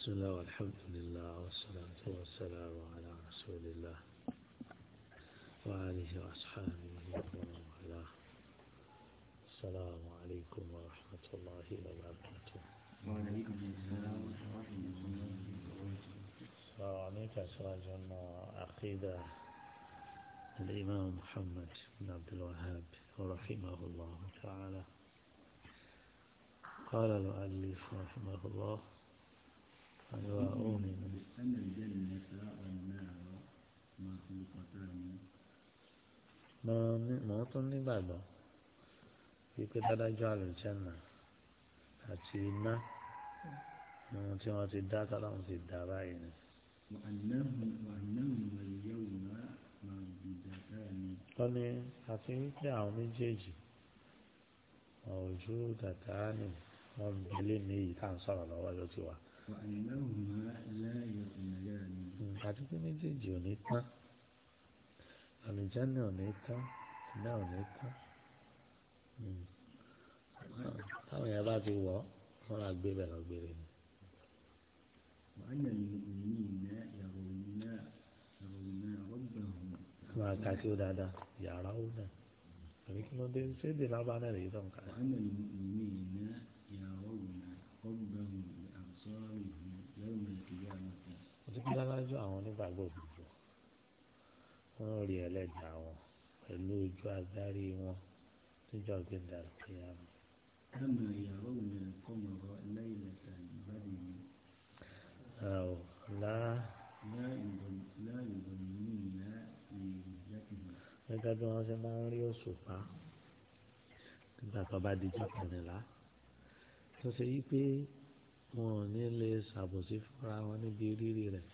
بسم الله والحمد لله والصلاة والسلام على رسول الله وآله وأصحابه ومن والاه السلام عليكم ورحمة الله وبركاته وعليكم السلام ورحمة الله وبركاته وعليك سراج عقيدة الإمام محمد بن عبد الوهاب رحمه الله تعالى قال المؤلف رحمه الله وأؤمن أن الجنة والنار مخلوقتان mo tún nígbàgbọ́ wípé dádájọ́ àlùjẹ́nà àti iná ohun tí wọ́n ti dá tọ́láwọn ti dá báyìí ni. wọ́n ní àti wípé àwọn méjèèjì ọ̀jú dàtà ni wọ́n ní èyí tá à ń sọ̀rọ̀ lọ́wọ́ ló ti wà àti pé méjèèjì ò ní tán àlùjáde ò ní tán iná ò ní tán hmm. táwọn yẹn bá ti wọ̀ wọ́n máa gbé bẹ̀rẹ̀ ọ̀gbẹ̀rẹ̀ ni. máa ka sí ó dáadáa yàrá ó náà àbí kí ló dé ṣé èdè lábá náà lè tàn ká. síwájú àwọn onígbàgbọ́ òdodo wọ́n rí ẹlẹ́dàá wọn pẹ̀lú ojú agbárí wọn níjọ́ gbẹ̀dà kíyàmù. kama yarawna al-qamara laylatan badri. ọ̀ lá. gẹ́gẹ́ bí wọ́n ṣe máa ń rí òṣùpá nígbà tó bá di jọ́kànlélá tó ṣe yí pé wọn ò ní lè ṣàbòsí fúnra wọn níbi rírì rẹ̀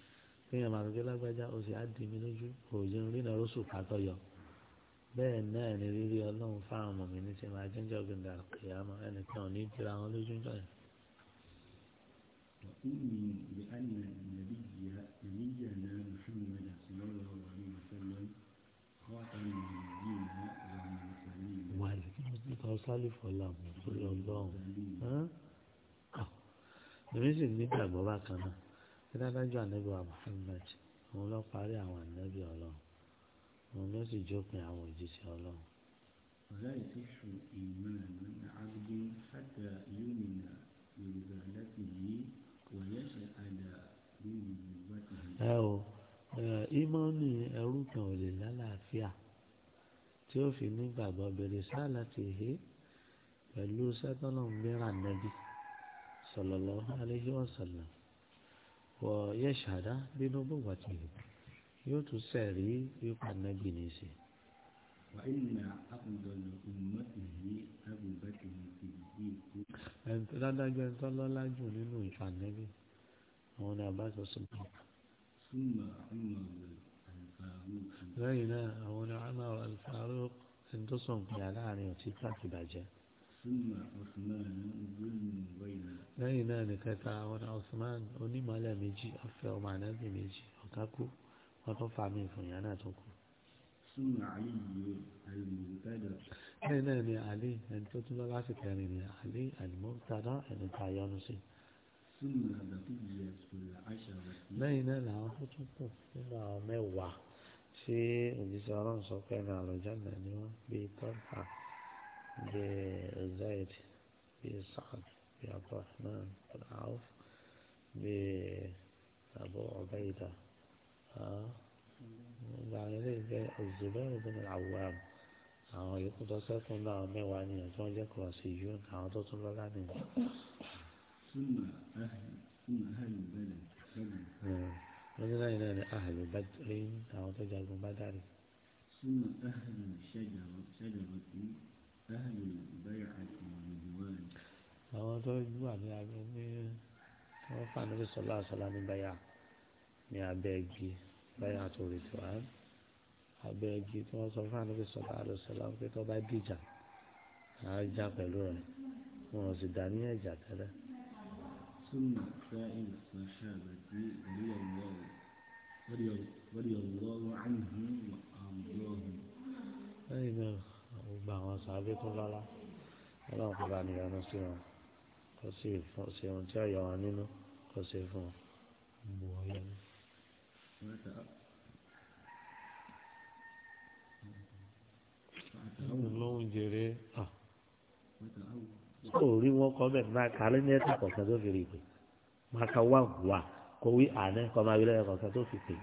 kéèyàn máa gbé lágbájá o sì á dì mí lójú kò yẹ orí náà ló sùn pàtó yọ bẹ́ẹ̀ náà ni rírí ọlọ́run fáwọn ọmọ mi ní ti máa jẹ́jọ́ gbẹ̀ndà kìyàmọ́ ẹnìkan ò ní jìra wọn lójú jọ yẹn. èmi sì nígbàgbọ́ bákan náà kí dájú ànábì wa Muhammad òun ló parí àwọn ànábì ọlọ́run òun ló sì jópin àwọn òjíṣẹ́ ọlọ́run. ọ̀la ìtúṣu ìmọ̀ràn àgbẹ̀ fàtà yómìnà yorùbá láti yí wọ̀nyẹ́sẹ̀ àdá yómìnà bá ti yí. ẹ o ìmọ̀ọ́nì ẹrú kan ò lè lálàáfíà tí ó fi nígbàgbọ́ bèrè sáà láti hé pẹ̀lú sẹ́tọ́nà mìíràn nẹ́bí sallallahu alaihi wasallam. ويشهد بنبوته يتساري يقال نبينيسي وإن أفضل أمته أبو بكر الصديق لدى الله لا جنين يقال نبي هنا أباك الصديق ثم عمر الفاروق لينا هنا عمر الفاروق انتصم في العالم وتفاك بجاه lẹ́yìn náà nìkẹta àwọn Osman onímọ̀lẹ̀ méjì ọ̀fẹ́ ọmọ ànábì méjì ọ̀ká kú wọ́n tún fa mi ìfún ìyá náà tó kú. lẹ́yìn náà ni Ali ẹni tó tún lọ lásìkò ẹni ni Ali alimọ́tàdá ẹni tá a yọnu sí. lẹ́yìn náà làwọn tó tún kù nínú àwọn mẹ́wàá tí òjíṣẹ́ ọlọ́run sọ pé ẹni àlọ́jà náà ni wọ́n gbé tọ́ta. بزيد بسعد بعبد الرحمن بن عوف بأبو عبيدة يعني الزبير بن العوام àwọn yòókù tó sẹ́kùn náà mẹ́wàá ni ẹ̀ tí wọ́n jẹ́ kùrọ̀sì yún àwọn tó tún lọ́lá nìyẹn. wọ́n ní láyé náà ni ahàlù bá rí àwọn tó jagun bá dárì àwọn tó wà ní abẹ́ ní wọ́n fà níbi sọ́lá àṣọlá ní báyà ní abẹ́ igi báyà tó rí tó wá abẹ́ igi tí wọ́n sọ fún àníbi sọ́lá àṣọlá pé tó bá dìjà á já pẹ̀lú rẹ̀ wọn ò sì dá ní ẹ̀jà tẹ́lẹ̀. ثم سائل الصحابة رضي الله رضي الله عنهم وأرضاهم. أيوه gbogbo àwọn sàbí tó lọ́lá ọlọ́run kò bá nìyọnu sí wọn kò sì ṣe ohun tí ọ̀yọ́ wọn nínú kò ṣe fún wọn. lóhun jèrè ó rí wọn kọ bẹ́ẹ̀ máa kà á lé ní ẹ̀ta kọ̀ọ̀kan tó fi rí i pé máa ka wá wà kó wí àná kọ́ máa wí lẹ́yìn kọ̀ọ̀kan tó fi pè é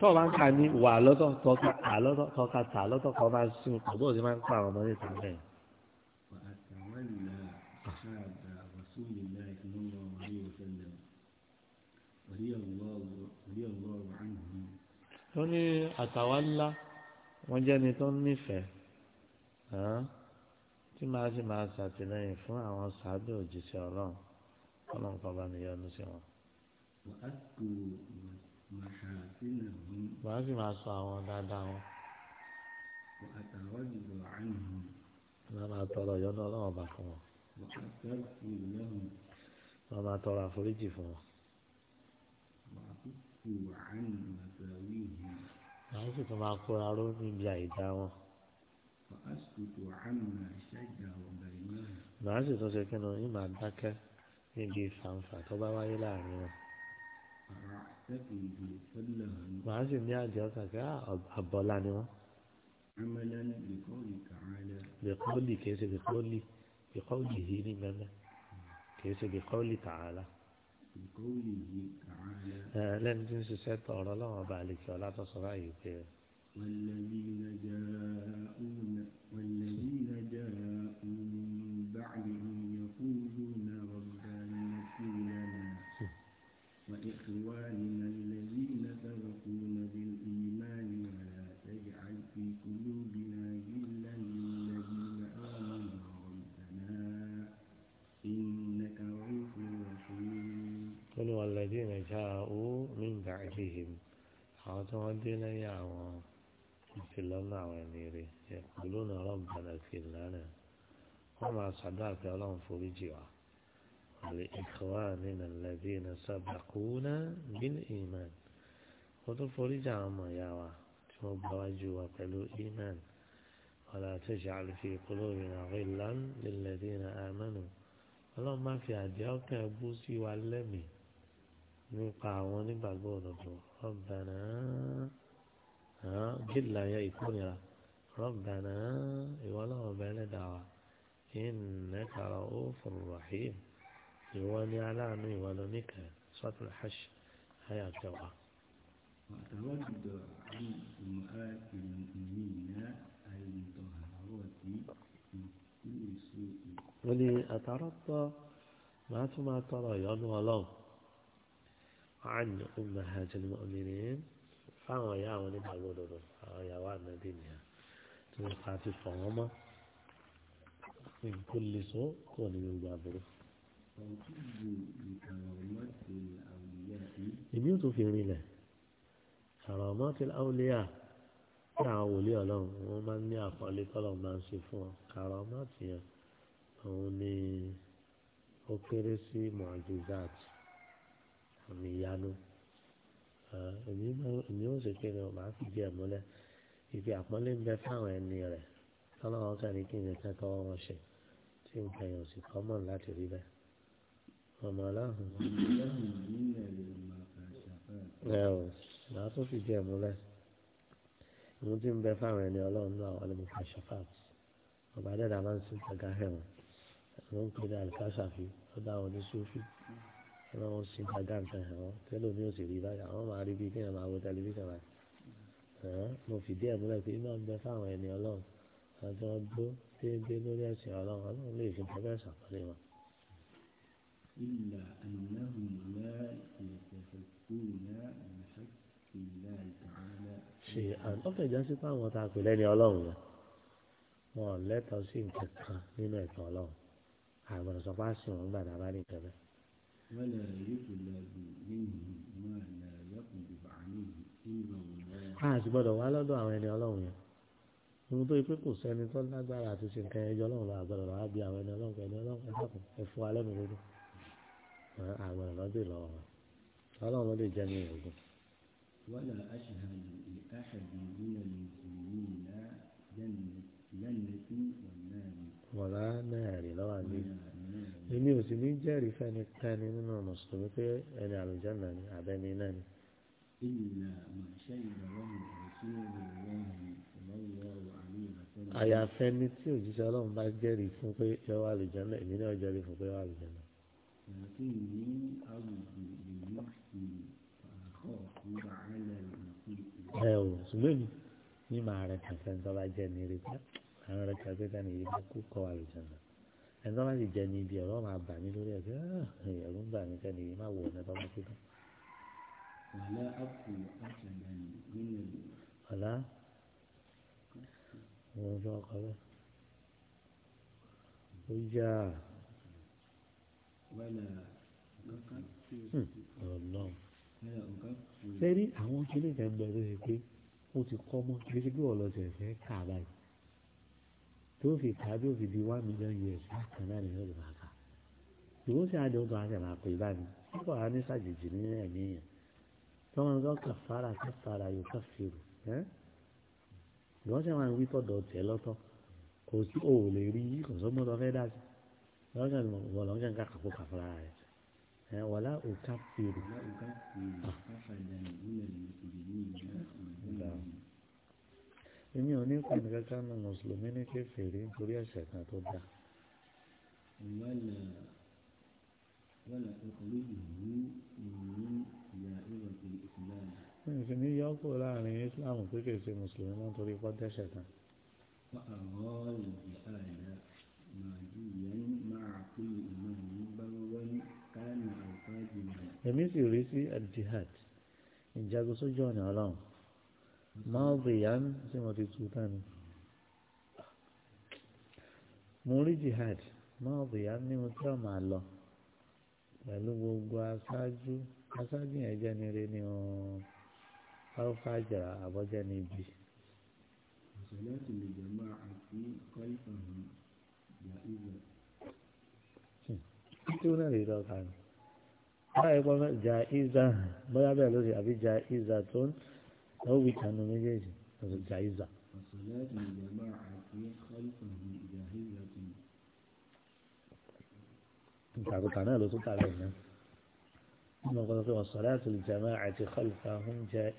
tó o ń kà ní wà lọ́tọ̀ tọ́ka à lọ́tọ̀ tọ́ka tà lọ́tọ̀ kọ́ máa sún ọ̀bọ̀ tí máa ń pa ọmọdé tà bẹ́ẹ̀. tó ní àtàwọn ńlá wọ́n jẹ́ ni tó nífẹ̀ẹ́ tí màá sì máa ṣàtìlẹ́yìn fún àwọn sàádé òjíṣẹ́ ọlọ́run ọlọ́run kan bá mi yọ́nú sí wọn màá sì máa sọ àwọn dáadáa wọn. wọ́n máa tọrọ ọlọ́run bá fún wọn. wọ́n máa àforíjì fún wọn. màá sì tún máa kóra ró níbi àìdá wọn. màá sì tún ṣe kí ni ìmọ̀ àdákẹ́ níbi ìfàǹfà tó bá wáyé láàrin wọn màá sì ní àjọ kàkẹ́ àbọ̀là ah, ni wọ́n. bẹ̀kọ́lì kìí ṣe bẹ̀kọ́lì bẹ̀kọ́lì yìí ní gbẹ́gbẹ́ kìí ṣe bẹ̀kọ́lì tààlà. lẹ́nu tí ń ṣiṣẹ́ tọ̀rọ̀ lọ́wọ́ bá lè kí ọlá tó sọ báyìí pé. wàlẹ́bí nàjà wàlẹ́bí nàjà. الذين جاءوا من بعدهم عادوا لنا يا كلنا ونيري يقولون ربنا اغفر لنا وما صدقت لهم فرجوا لإخواننا الذين سبقونا بالإيمان وتو فرجع ما يا تبواجوا قالوا إيمان ولا تجعل في قلوبنا غلا للذين آمنوا اللهم ما في أديوك أبوسي والمي من قاوني بعد بود ربنا ها جل يا يكون يا ربنا يولا ربنا دعوة إنك رؤوف رحيم يواني على نوي ولا صوت الحش هيا توا وتواجد عن أمهات المؤمنين المطهرات من كل سوء ولي أترطى ما ثم ترى يد ولو عن أمهات المؤمنين فهو يا ولد أبو يا وانا دنيا تلقى في فهمة من كل سوء كون من بابره ìbíòtò fi rinlẹ̀ kàràmọ́tì àwòlíyà tí àwọn wòlíì ọlọ́run wọ́n máa ń ní àpọ́nlé tọ́lọ́run máa ń ṣe fún ọ kàràmọ́tì yẹn òun ni ó kéré sí mọ̀jùzáàtì àmì ìyanu èmi ó sì kéde ọ̀ máa fìdí ẹ̀ múlẹ̀ ibi àpọ́nlé ń bẹ fáwọn ẹni rẹ̀ tọ́lọ́wọ́ kàní kí ni ká tọ́wọ́ wọn ṣe tí nǹkan èèyàn sì kọ́ mọ̀ láti rí bẹ́ẹ̀. ọmọ aláhùn. ẹ ò màá tún fìdí ẹ̀ múlẹ̀ ìwọ́n tí ń bẹ fáwọn ẹni ọlọ́run náà wọ́n lè mú kàṣà fáàtì ọ̀gbà dẹ́dà máa ń sin kàgá hẹ̀wọ̀n wọ́n ń pè ní àlùkáṣàfi ó dá wọn ní sófì ọlọ́run sì gbàgbà nǹkan hàn wọ́n tẹ́lẹ̀ mi ò sì rí báyìí àwọn máa rí bí kéèyàn máa wo tẹlifíṣàn báyìí hàn mo fìdí ẹ̀ múlẹ̀ pé iná ń bẹ fáwọn ẹni ọlọ́run àti wọn gbó déédéé lórí ẹ̀sìn ọlọ́run ọlọ́run lè fi bẹ́ẹ̀ bẹ́ẹ̀ sàkọlé wọn. ìlà ànáhùn ìlà ìfẹ̀fẹ̀kúrúlá àlàáfíà ìlà ìtàkùnlá. ṣe àtọ́kẹ̀ jásí pé a sì gbọ́dọ̀ wá lọ́dọ̀ àwọn ẹni ọlọ́run yẹn ohun tó yẹ pé kò sẹ́ni tó lágbára àti ṣe nǹkan ẹjọ́ ọlọ́run lọ́wọ́ àgbọ̀dọ̀ lọ́wọ́ bí àwọn ẹni ọlọ́run ẹni ọlọ́run ẹ̀dàkùn ẹ̀fọ́ alẹ́ mi lójú àgbọ̀dọ̀ lọ́wọ́ bí lọ́wọ́ wọn ọlọ́run ló lè jẹ́ mi ògùn. wọ́n lọ aṣèhàdù ìkáṣàdù nínú ìlú náà yẹn ní wọ́n náà rí lọ́wọ́ àgbẹ̀ èmi ò sì ní jẹ́rìí fẹ́ni kẹ́ni nínú mùsùlùmí pé ẹni àlùjáná ni àbẹ́ni náà ni. àyàfẹ́ ni tí òjíṣẹ́ ọlọ́run bá jẹ́rìí fún pé yọ wà àlùjáná èmi náà jẹ́rìí fún pé wà àlùjáná. ẹ ò ṣùgbọ́n mi ní màá rẹ̀ kàfẹ́ ń tọ́ bá jẹ́ ní rí àwọn rẹ̀ kàfẹ́ kan nìyí kó kọ́ àlùjáná ẹni tó bá sì jẹ ibi ọ̀rọ̀ máa bà mí lórí ẹ̀ pé ah, ẹ̀rù ń bà mí sẹ́ni yìí má wọ ọ̀nà tó bá síbẹ̀. ọ̀la mo ń sọ ọkọ bẹ́ẹ̀ ó yá ọlọ́run hmm, sẹ́rí àwọn kílẹ̀ kan gbẹ tó ṣe pé ó ti kọ́ mọ́ kí ṣe pé ọ̀lọ́sẹ̀ fẹ́ kà báyìí tó fi ká tó fi di one million years bákan náà ni yóò lè máa kà ìwọ sì á di ọdún àti àmà pé bá mi púpọ̀ á ní sàjèjì ní ẹ̀mí yẹn tọ́wọ́n tó kàfàrà kàfàrà yóò kàfìrù ìwọ sì máa ń wí tọ̀dọ̀ tẹ̀ lọ́tọ̀ kò sí o ò lè rí kò sọ́gbọ́n tó fẹ́ dá sí lọ́sàn ni wọ́n lọ́n jẹ́ ń kàkà kó kàfàrà rẹ̀ ẹ̀ wọ́lá ò kàfìrù èmi ò ní pẹ̀lú kankan náà mùsùlùmí ní kèfèrí nítorí ẹ̀ṣẹ̀ kan tó dá. mi ò sì ní yọ kó láàrin Islam pé kì í ṣe mùsùlùmí náà torí pọ́ dẹ́ṣẹ̀ kan. èmi sì rí sí al-jihad ìjagun sójú ọ̀nà ọlọ́run. mọ́ọ̀bìyàn tí mo ti tu dání mo rí jihad mọ́ọ̀bìyàn ní gbogbo aṣáájú aṣáájú ni rí alfajara àbọ̀jẹ́ ni lè lọ kàn án báyìí pọ́n jà ìzà bóyá bẹ́ẹ̀ lóde àbí jà ìzà tó ń. لو كانوا مجيش هذا الجائزة صلاة الجماعة خلفه جاهزة انت الجماعة خلفهم جائزة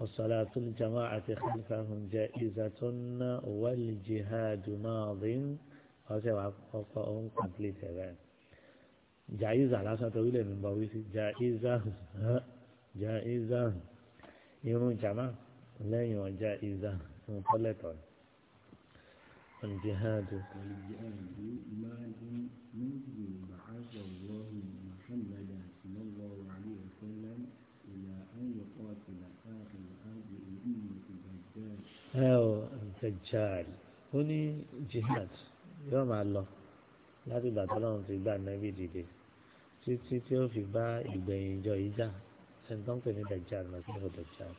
وصلاة الجماعة خلفهم جائزة والجهاد جائزة على سنة طويلة من بويسي جائزة jà ìzà irun jàmá lẹ́yìn ọjà ìzà fún pọ́lẹ́tọ̀ الجهاد والجهاد ما منذ بعث الله محمدا صلى الله عليه وسلم إلى أن يقاتل آخر هذه الأمة الدجال أو الدجال هني جهاد يوم الله láti gbàtọ́ lọ́run ti gbà nẹ́bí dìde títí tí ó fi bá ìgbẹ̀yìn ìjọ yìí jà ẹni tó ń pè ní dajjal màsí ìhò dajjal.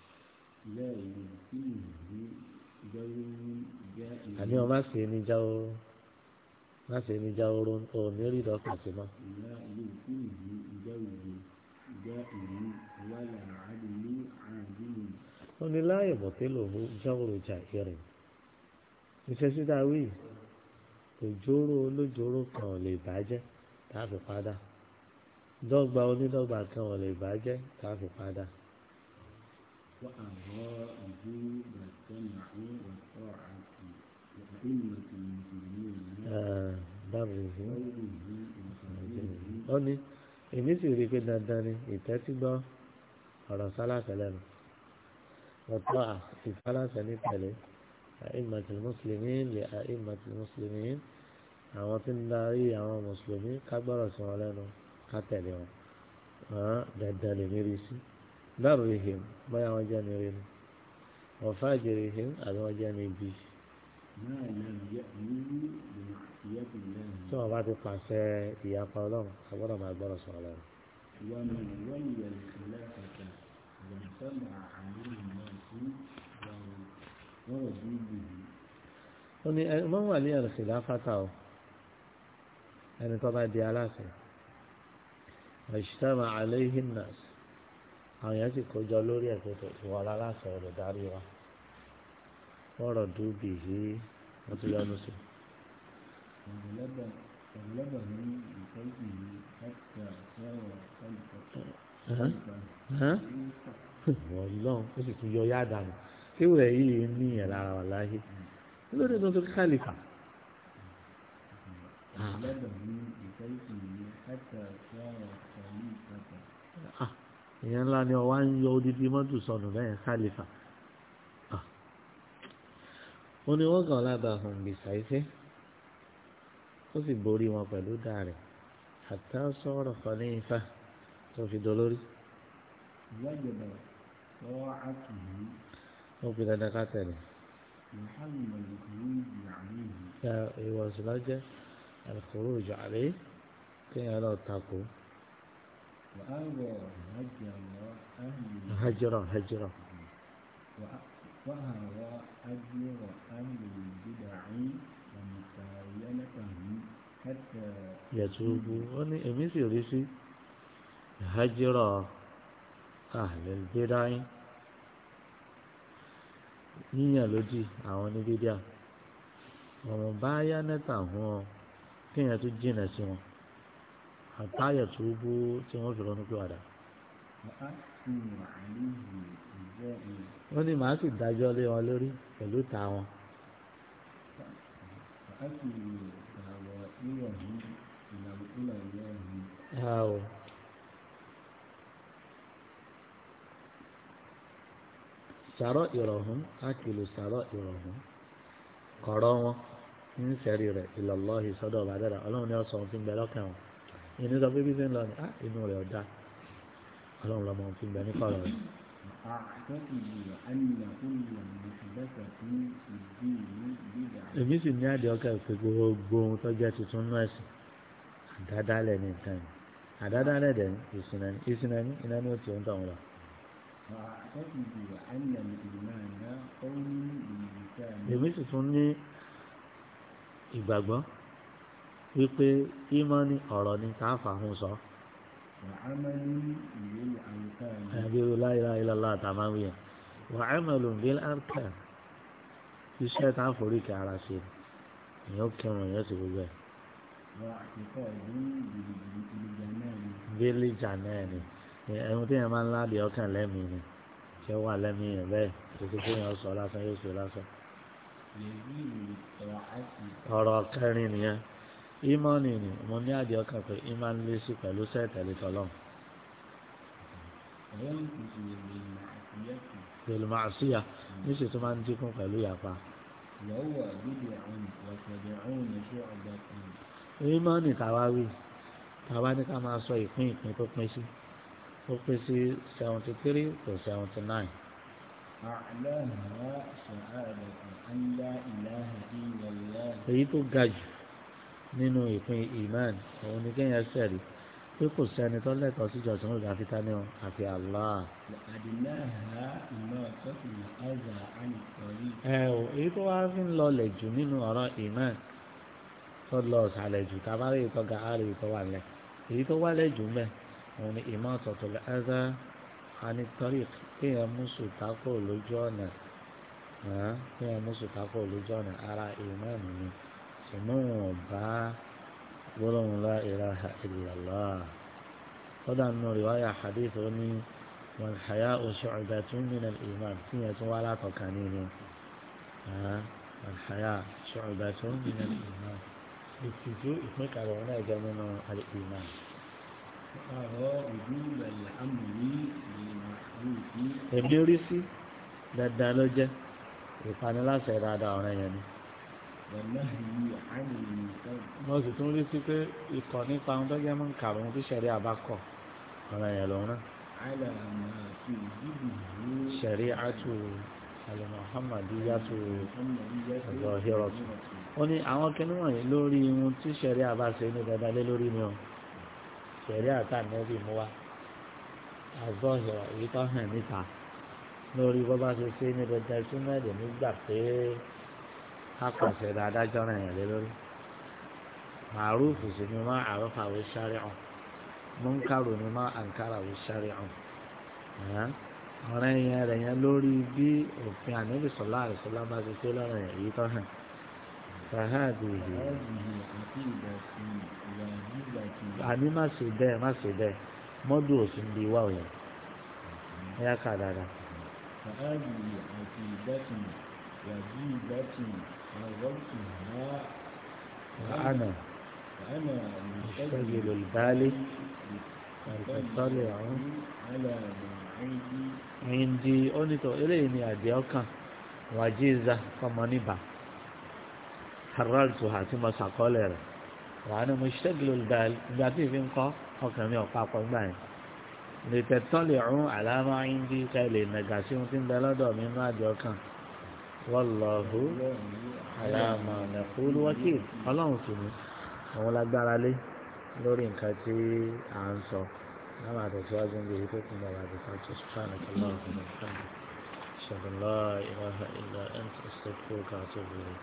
àní ọ má sì ní jáwó má ni ní jáwó ọ ní rí dọ́kà sí mọ́. ó ní láàyè bọ̀tẹ́lò jáwó rojà irin ìṣesí dáwì òjòrò olójòrò kan ò lè bàjẹ́ láti padà dọ́gba onídọ́gba kan ò lè bàjẹ́ tá a fi padà. ó ní èmi sì rí i pé dandan ni ìtẹ́tígbọ́ ọ̀rọ̀ sálàsẹ̀ lẹ́nu ọ̀tọ́ ìfálàsẹ̀ ní tẹ̀lé àìmọ̀tì mùsùlùmí lè àìmọ̀tì mùsùlùmí àwọn tí ń darí àwọn mùsùlùmí kágbọ́rọ̀ sí wọn lẹ́nu ká tẹ̀lé wọn hàn dandan lè mírí sí dárò ihim báyà wọn jẹ́ ní rírun wọn fàájìrì ihim àbí wọn jẹ́ ní ibi. tí wọn bá ti pàṣẹ ìyapa ọlọ́run agbọ́dọ̀ máa gbọ́dọ̀ sọ̀rọ̀ lẹ́nu. ó ní ẹ mọ́ wà ní ẹ̀rọ ìlà o ẹni tó bá di aláṣẹ àṣìṣàmà àléhìn nàás àwọn yẹn sì kójọ lórí ẹ̀kọ́ tó ti wọlé aláṣẹ rẹ̀ darí wa wọ́rọ̀ dúbì yìí wọ́n ti yọnu sí. wọ́lọ́n ó sì tún yọ yáàdá nù síwèé yìí ní ẹ̀ lára wà láyé lórí tuntun kálífà èèyàn ah, ńlá ni ọwá ń yọ odidi mọ́tò sọnù lẹ́yìn khalifa ah. ó ní wọ́n kàn lábàá hàn gbèsà iṣẹ́ ó sì borí wọn pẹ̀lú dáàrẹ̀ àtà sọ̀rọ̀ kan ní ifá tó fi dolórí. ìyájọba lọ́wọ́ á kì í. ó fi dandan ká tẹ̀lé. ìhàmì ìwọ̀sùn lọ́jẹ́ àlùkòrò ìjọ àlè kéèyàn lọ takò. hajjira hajjira. وهو أجر أهل البدع ومسايلتهم حتى يتوبوا أنا أميس يريسي هجر أهل البدع yíyàn lódì àwọn oníbídíà ọmọ bá yá nẹta àwọn kéèyàn tó jìnnà sí wọn àtàyè tó bú tí wọ́n fi ronú pé wàdà. wọ́n ní màá sì dájọ́ lé wọn lórí pẹ̀lú ta wọn. How? sàrọ ìrọ̀hún ákìlù sàrọ ìrọ̀hún kọ̀rọ̀ wọn ń sẹ́rí rẹ̀ ìlọ́lọ́hì sọ́dọ̀ bàdàrà ọlọ́run ni ọ̀sán fi ń gbẹ lọ́kàn wọn ìní sọ pé bí ṣe ń lọ ní á ah, inú rẹ̀ ọ̀dà ọlọ́run lọ́mọ fi gbẹ ní kọ̀ọ̀rọ̀ rẹ̀. èmi sì ní àdé ọkà ìpè gbogbo ohun tó jẹ́ tuntun náà ẹ̀sìn àdádálẹ̀ ní nǹkan yìí àdádálẹ̀ dẹ̀ ìsìnà ní ìsìnà ní iná ní òtí ohun táwọn lọ. èmi sì tún ní ìgbàgbọ́ wípé ìmọ̀ni ọ̀rọ̀ ni tá a sọ. wà á mẹ́lò bíi àǹkà iṣẹ́ tá a forí kẹ́ ara ṣe èèyàn kírun èèyàn sì gbogbo ẹ̀. bílí jàǹdà ni ẹ̀hún tí yẹn máa ń láàbì ọkàn lẹ́mìí ni ṣé wà lẹ́mìí yẹn bẹ́ẹ̀ títí tí yẹn sọ lásán yóò sọ lásán. ọ̀rọ̀ kẹrin nìyẹn ìmọ̀nì ni mo ní àdìẹ ọkàn pé ìmọ̀ ń lé sí pẹ̀lú sẹ́ẹ̀tẹ̀lẹ́ tọ́lọ́m. pẹ̀lú màásíyà ní sì tún máa ń dínkù pẹ̀lú ìyapa. ìmọ̀nì tàwa wí tàwa ní ká máa sọ ìpín ìpín tó pín sí ó pín sí seventy three to seventy nine. أعلاها شهادة أن لا إله إلا الله. èyí tó ga jù nínú ìpín iman òun ni kéèyàn sẹ̀rí pé kò sẹ́ni tó lẹ́tọ̀ọ́ sí ìjọsìn olùdó àfi tani o àfi Allah. ẹ o èyí tó wá fi ń lọlẹ̀ jù nínú ọ̀rọ̀ iman tó lọ sàlẹ̀ jù tábàárì ìtọ́ga àárẹ̀ ìtọ́ wà lẹ̀ èyí tó wálẹ̀ jù mẹ́ òun ni iman tọ̀tọ̀ lẹ́ ẹ̀dá anitorik kéèyàn mú sùtákò lójú ọ̀nà kéèyàn mú sùtákò lójú ọ̀nà ara iman nìyẹn ṣùgbọ́n wọn ò bá gbólóhùn la ilaha illallah kódà nù rìwáyà hadith ó ní wọn àyà oṣù ọ̀gá tún nínú ìmọ̀ tí yẹn tún wá látọ̀kà nínú wọn àyà oṣù ọ̀gá tún nínú ìmọ̀ ìtìjú ìpínkàrọ̀ náà jẹ́ nínú ìmọ̀. èmi rí sí dandan ló jẹ́ ìpaniláṣẹ dáadáa ọ̀rẹ́ yẹn ni mo sì tún rí sí pé ikọ̀ nípa ohun tó jẹ́ mọ́ nǹkan àwọn tí sẹ̀rí àbákọ̀ ọ̀rọ̀ yẹn lòun náà. sẹ̀rí àtù alimuhamadiyatu azọhirọtu ó ní àwọn kìnnì wọ̀nyí lórí ohun tí sẹ̀rí àbáṣe ní dandan lé lórí mi o sẹ̀rí àtànẹ́bì mú wa azọhirọ èyí tó hàn níta lórí bọ́ bá ṣe ṣe ní dandan súnmọ́ ẹ̀dẹ̀ nígbà pé akọ̀sẹ̀ dáadáa jọ́nà yẹn lé lórí màrúfù sì ni má àrùfà wí sáré ọ̀ múnkàrù ni má àǹkàrà wí sáré ọ̀ ọ̀rẹ́ yẹn rẹ̀ yẹn lórí bí òfin ànábì sọ̀lá àrùsọ̀lá bá ti ṣe lọ́rọ̀ yẹn èyí tó hàn fàhádì ìlú. àní má ṣe bẹ́ẹ̀ má ṣe bẹ́ẹ̀ mọ́dù òsì ń bi wá òyìn ẹ̀yà kà dáadáa. fàhádì àti ìbátìmù wàjú ìbátìmù. وأنا مشتغل البال أطلع على عندي أونيتو إليه إني أديوكا وجيزة فمانيبا حررتها ثم سقولها وأنا مشتغل البال جاتي في مقا حكمي وقاقوا معي لتطلعوا على ما عندي كالي نقاسي وتنبلا دومين ما أديوكا wàlláhu aláàmà nàkúlù wákìlì ọlọ́run sì ni òun lágbára lé lórí nǹkan tí à ń sọ náà máa tẹ̀síwájú ń gbèrè kókò mọ́ àti fàtó sùpánì kọlá ọ̀hún ọ̀hún ṣàbùlá ìlàhà ìlà ẹ̀ ń tẹ̀síwájú tó bèrè.